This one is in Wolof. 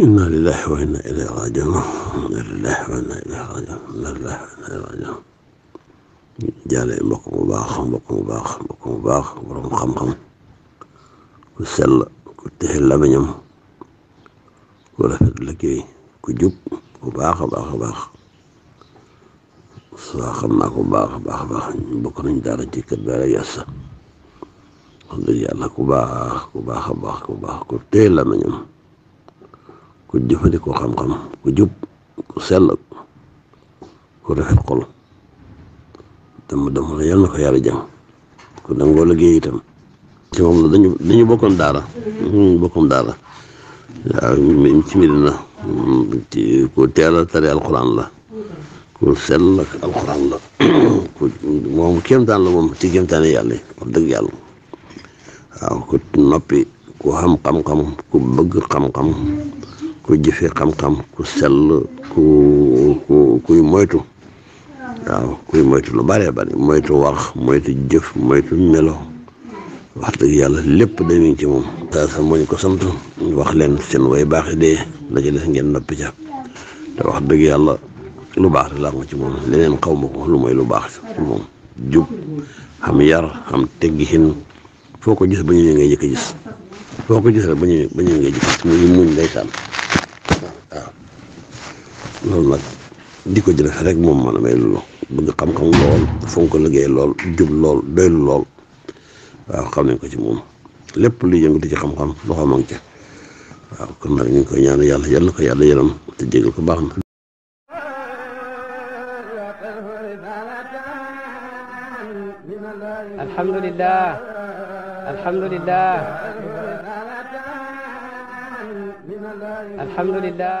inna lillahi wa inna ilayhi rajiun inna lillahi wa inna ilayhi rajiun inna lillahi wa inna ilayhi rajiun jàlle mbokk mu baax mbokk mu baax mbokk mu baax borom xam-xam ku sell ku texe lamiñam ku rafet liggéey ku jub ku baax a baax a baax soo xam naa ko baax a baax a baax bokk nañ dara ci kër daara yassa wax dëgg yàlla ku baax ku baax a baax ku baax ku texe lamiñam ku jëfandikoo xam-xam ku jub ku sell ku rafet xol dama dama la yàlla na ko yàlla jàng ku nangoo liggéey itam ci moom la dañu dañu daara bokkoon ci mbir ku teel a tari alxuraan la ku sell ak alxuraan la ku moom kéemtaan la moom ci kéemtaan yàlla wax dëgg yàlla waaw ku noppi ku xam xam-xam ku bëgg xam-xam ku jëfe xam-xam ku sell ku ku kuy moytu waaw kuy moytu lu bëree bëri moytu wax moytu jëf moytu melo wax dëgg yàlla lépp dañu ci moom saa sa moo ñu ko sant wax leen seen way baax de dee la ci des ngeen noppi ca te wax dëgg yàlla lu baax rek laa ma ci moom leneen xaw ma ko lu moy lu baax ci moom jub xam yar xam teggihin foo ko gis ba ñu ngay jëkk gis foo ko gis rek ba ñu ba ñu ngay jëkk gis muy muñ ndeysaan loolu nag di ko jëlee rek moom mën a may loolu bëgg xam-xam lool fonk liggéey lool jub lool doylu lool waaw xam nañ ko ci moom lépp luy yëngatu ci xam-xam loxo ma ngi ca waaw kon nag ñu ngi koy ñaanu yàlla yal na ko yàlla yaram te jégal ko baax na. alhamdulillah alhamdulillah alhamdulillah